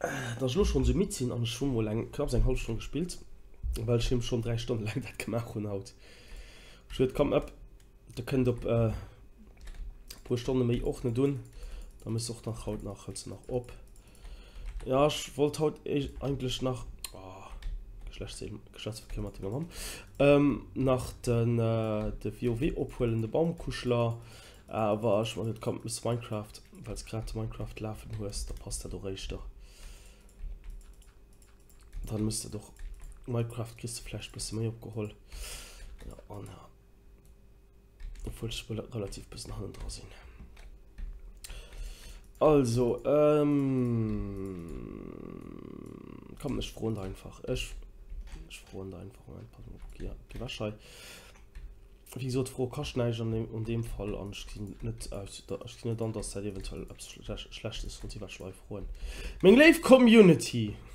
Äh, das nur schon so mitziehen am schon wohl lang knapp sein Haus schon gespielt weil ich schon drei Stunden lang gemacht und haut wird kommen ab da könnt ob äh, pro Stunde mich auch nicht tun da ist auch nach haut nach noch ob ja ich wollte heute eh eigentlich nach oh, ah, Geschlechtsverkehr haben ähm, nach den äh, der WoW opholende Baumkuschler äh, aber schon kommt mit Minecraft weil es gerade Minecraft laufen muss da passt er doch richtig doch dann müsste doch minecraft kiste vielleicht bisschen mehr abgeholt ja, und, ja. obwohl relativ bis nach sehen also ähm, kann nicht froh und einfach ich, ich froh und einfach ein paarsche wieso froh kaschneiger und dem fall an äh, dann dass er eventuell absolut schlecht ist und sie war schwa freuen mein live community und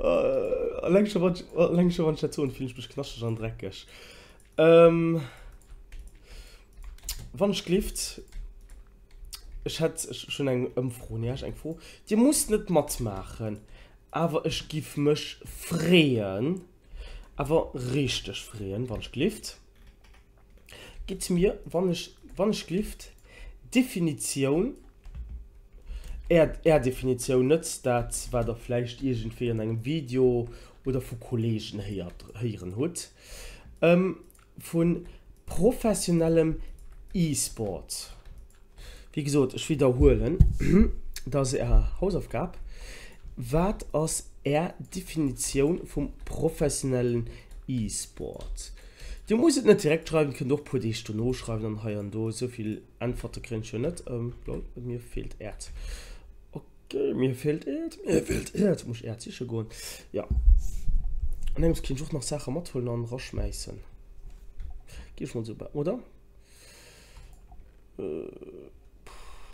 Äh, Längscher äh, ähm, wann Schaun finch bech knasche an dreckeg. Wann kleft Ech het schon eng ëmfroch eng fro. Di muss net mat machen, awer ech gif mech freeen awer richchtech freeen wann kleft. Git mir wann wann kleft Definiioun Erdefinitionun er nëtzt dat war der flecht Igent fir an engem Video oder vu Kolgen heieren hut ähm, vun professionellem E-Sport. Wie gesot ech wiederhoelen dat se er Hausaufgab, wat ass er Definiioun vum professionellen E-Sport. Du musst net direkt schreiben können doch pur no schreiben an heern do soviel Antwort kri net ähm, mir fehlt erd okay, äh, mir fehlt Erd, mir fehlt Erd, muss er sich gehen. Ja. Und dann muss ich noch Sachen mitholen und rausschmeißen. Geht schon super, oder? Äh,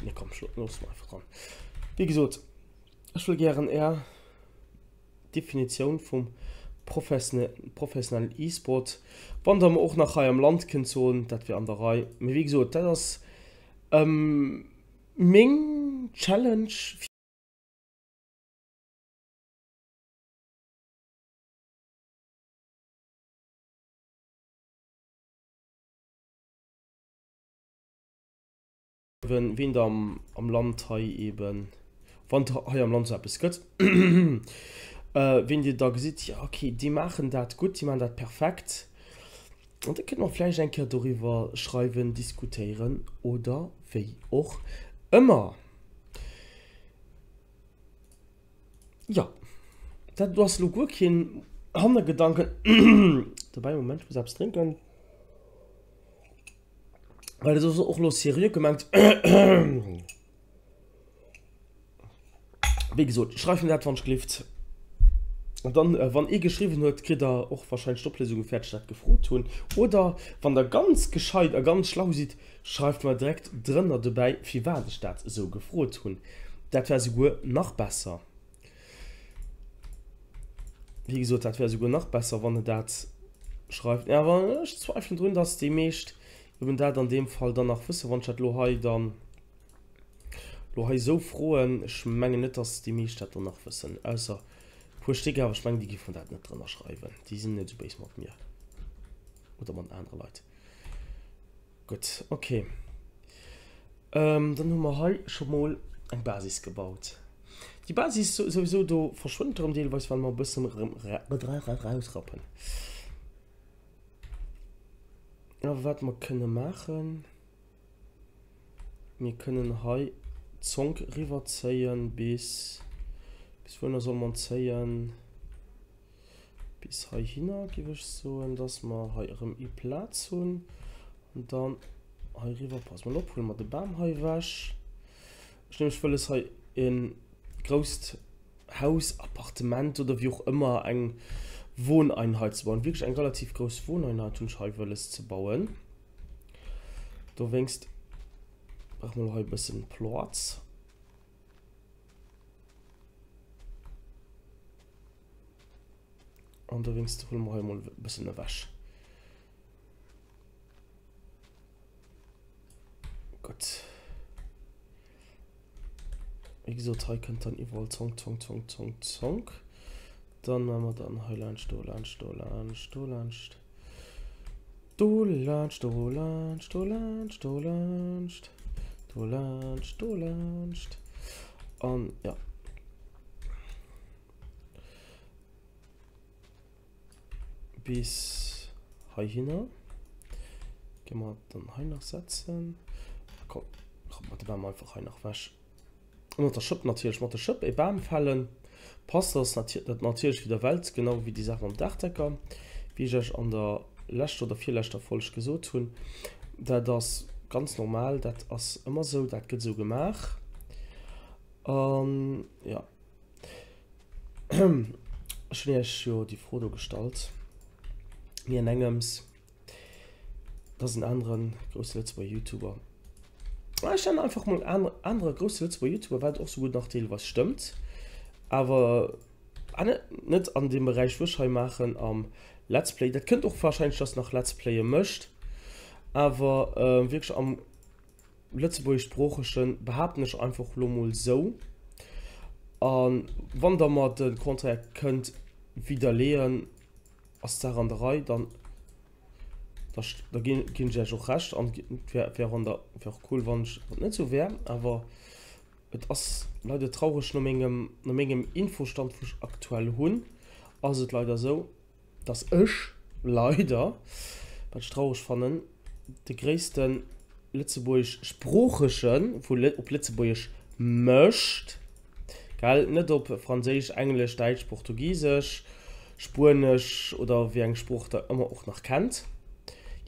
nee, komm, schluck los mal einfach ran. Wie gesagt, ich will gerne eher Definition vom professionellen E-Sport. Wann wir auch nach einem Land können, so, das wir an der Reihe. Wie gesagt, das ist ähm, Ming Challenge. wenn wen am, am land eben wann am land gött äh, wenn dir da sieht ja, okay die machen dat gut die man dat perfekt und könnt man fleisch ein darüber schreiben diskutieren oder wie auch immer ja du hast gedanken dabei moment selbst trinken und weil das auch los serie gemacht wie gesagt schreiben von schlift und dann äh, wann ihr geschrieben wird geht da auch wahrscheinlich stopplösung gefährt statt gefro tun oder von der ganz gescheit er ganz schlau sieht schreibt mal direkt drin dabei viel werden statt so gefro tun der wäre sogar noch besser wie gesagt das wäre sogar noch besser wann das schreibt er ja, zweifel drin dass die mischt die wenn dat an dem fall dann nach fsse wann lo dann lo so frohen schmengen net ass die meesstätter nach fssen ausser pustik aber schmengen die von dat net drinnner schreiben die sind net base mag mir oder man andere leute gut okay ähm, dann hummer he schon mal eing basis gebaut die basis sowieso du verschwunden um er deel was wann man bis zum rausrappen re, re, re, re, re, re, re, re, ja, wat man könne machen wir können zong river zeieren bis bis wo soll man zeieren bis hin gewicht so dass man ihrem platz hun und dann river pass mal op man de bam wasnimmfüll es in großhaus appartement oder wie auch immer ein Wohneinheit zu bauen. Wirklich ein relativ großes Wohneinheit und Schallwelles zu bauen. Du winkst, brauchen wir noch ein bisschen Platz. Und du winkst, holen wir mal ein bisschen Wäsche. Gut. Wie gesagt, könnt dann überall zong, zong, zong, zong, zong. dann dann he einstuhl ein stuhl an stuhl ancht du stuhl stuhl stuhl stuhl stuhl an ja bis gemacht dann he nachsetzen einfach nach wasch unter natürlich schöppe beim fallen und passt das natürlich das natürlich wieder welt genau wie die sache am dachdecker wie ich euch an der letzte oder viel leichter falsch gesucht tun da das ganz normal das als immer so das geht so gemacht ähm, ja schon ja die foto gestalt mir engems das sind anderen große letzte bei youtuber ja, ah, einfach mal andere große letzte bei youtuber weil auch so gut nach dem was stimmt und aber nicht an dem Bereich Wischei machen am um, Let's Play. Das könnt auch wahrscheinlich das noch Let's Play mischt. Aber äh, wirklich am Lützburg Spruchischen behaupten ich einfach nur so. Und wenn da mal den Kontakt könnt wieder lehren aus der Randerei, dann das, da gehen, gehen sie ja schon recht. Und wäre wär wär cool, wenn es nicht so wäre. Aber. Et ass leider traurigch no engem no engem Infostand vuch aktuell hunn ass et leider so dat ëch leider wat strauch fannnen de ggréessten Litzeburgich Spprochechen vu op Litzeburgich mëcht Gel net op Fraésich engelsch Deitsch Portugiesch, Spnech oder wie eng Spprocht der ëmmer och nach kennt,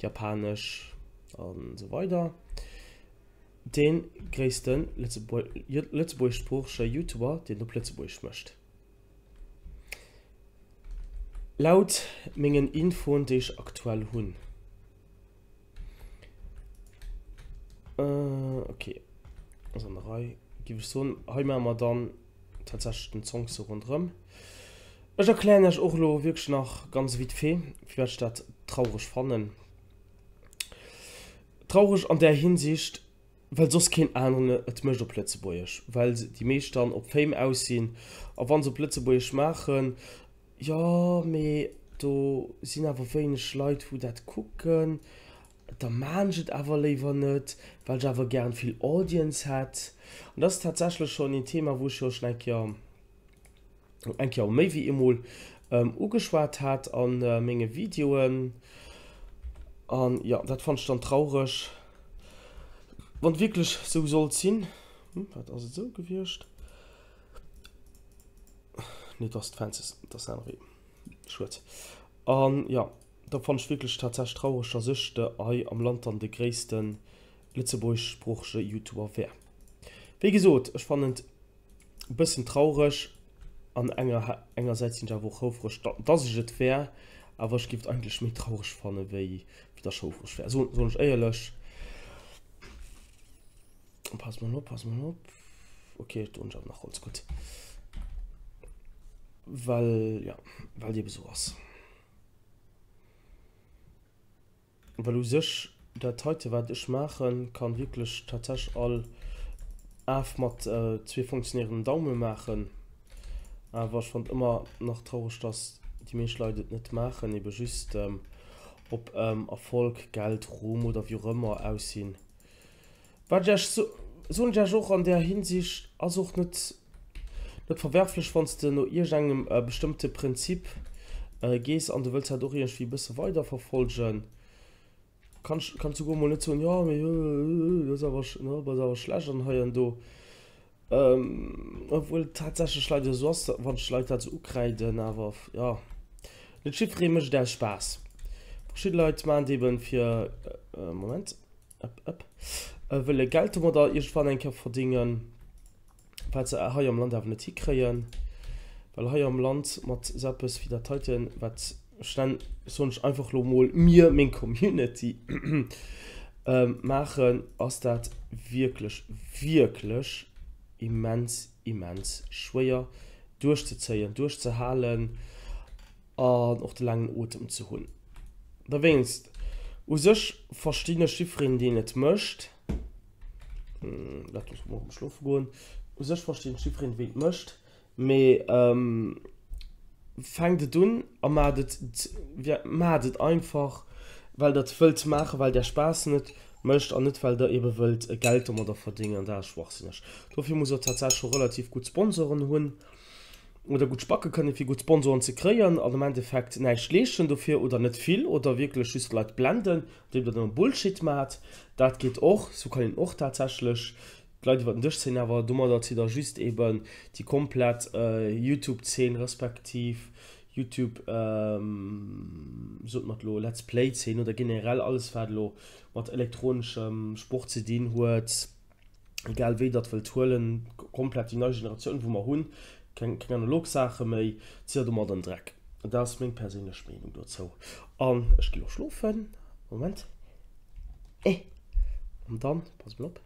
Japanisch an so weiter den christen letzteburgspruchscher youtuber den du plötzlich schmcht laut mengen info dich aktuell hun äh, okay alsorei gibt es so einheimheimer dann tatsächlichchten song zu run erklären auch nur wirklich nach ganz wie fe vielstadt traurig spannenden traurig an der hinsicht weil sos kind anderen et mcher plätze boyech weil die mees dann op fame aussinn a wann so plätze boyech machen ja me do sinn awer fe schleit wo dat gucken der manget awer lever net weil javawer gern viel audience hat und das tatsächlich schon in thema wo schne ja en me wie immer ähm, ugeschwart hat an äh, menge videoen an ja dat fand stand traurigisch und wirklich so soll ziehen hm, hat also so gewirrscht nicht das fan ist das schwer ähm, ja davon wirklich tatsächlich trauischer süchte am land an der größten letzteburg spruchsche youtuber wer wie gesagt spannend ein bisschen traurig an enger engerseits sind ja wo hoch das ist fair aber es gibt eigentlich mit traurig vorne wie wieder schon schwer so, so ehrlich ich schon pass mal nur pass mal nur okay und habe noch holz gut weil ja weil die sowas weil du sich der heute werde ich machen kann wirklich tatsächlich all mat äh, zwe funktionieren daume machen äh, was fand immer noch traurig dass die mensch leidet net machen ich beschüßt ähm, ob ähm, erfolg geld rum oder wie immer aussehen so so ja auch an der hinsicht ersuchtnet das verwerflich von nur ihr äh, bestimmte prinzip äh, gehst an du willst ja doch irgendwie bisschen weiter verfolgen kannst kannst du ja, äh, äh, äh, aber, ne, aber schlechern, heuen, du ähm, obwohl tatsächlich leider so schleiter zu ukraine aber ja schiisch der spaß leute man eben für äh, moment up, up. Äh, wille Geld oder ihr fan enker verdienen weil ze ha am Land a ti kreien weil ha am Land mat seppes wie der teuten wat sonst einfach lo mo mir min community ähm, machen ass dat wirklich wirklich immens immens schwer durchzuzeieren durchzuhalen noch de langen Otem zu hunn. Da west u sech verschiedene Schiffrin die net mcht Äh, lass mich morgen schlafen gehen. Und ich verstehe den Schiffrin, wie ich möchte. Aber ähm, fängt es an und macht es einfach, weil das viel zu machen, weil der Spaß nicht möchte und nicht, weil der eben will, Geld um oder verdienen. Und das ist schwachsinnig. Dafür muss er tatsächlich schon relativ gut Sponsoren haben oder gut spacke können wie gut Sponsoren zu kreieren aber im Endeffekt nein schlechen dafür oder nicht viel oder wirklich schü leid blenden dem du dann bullshit macht das geht auch so kann ihn auch tatsächlich Leute werden durch sehen aber dummer dass sie da schüßt eben die komplett äh, youtube 10 respektiv youtube ähm, so let's play 10 oder generell alles fertig was elektronischem spruch zu dienen wird egal wie das will tollen komplett die neue generation wo man hun und Loachche méi zi du mat den dreck. dats még persinn Schmenung dort zo. An Ech gi schlofen moment E Und dann pass blopp.